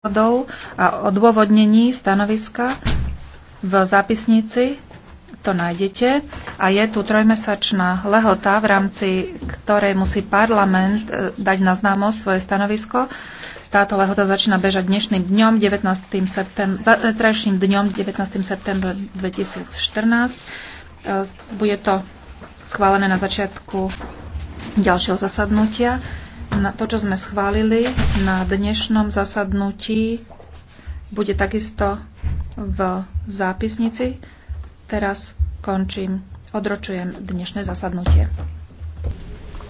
dôvodov a odôvodnení stanoviska v zápisnici. To nájdete. A je tu trojmesačná lehota, v rámci ktorej musí parlament e, dať na známosť svoje stanovisko. Táto lehota začína bežať dnešným dňom, 19. septem, zajtrajším e, dňom, 19. septembra 2014. Bude to schválené na začiatku ďalšieho zasadnutia na to, čo sme schválili na dnešnom zasadnutí, bude takisto v zápisnici. Teraz končím, odročujem dnešné zasadnutie.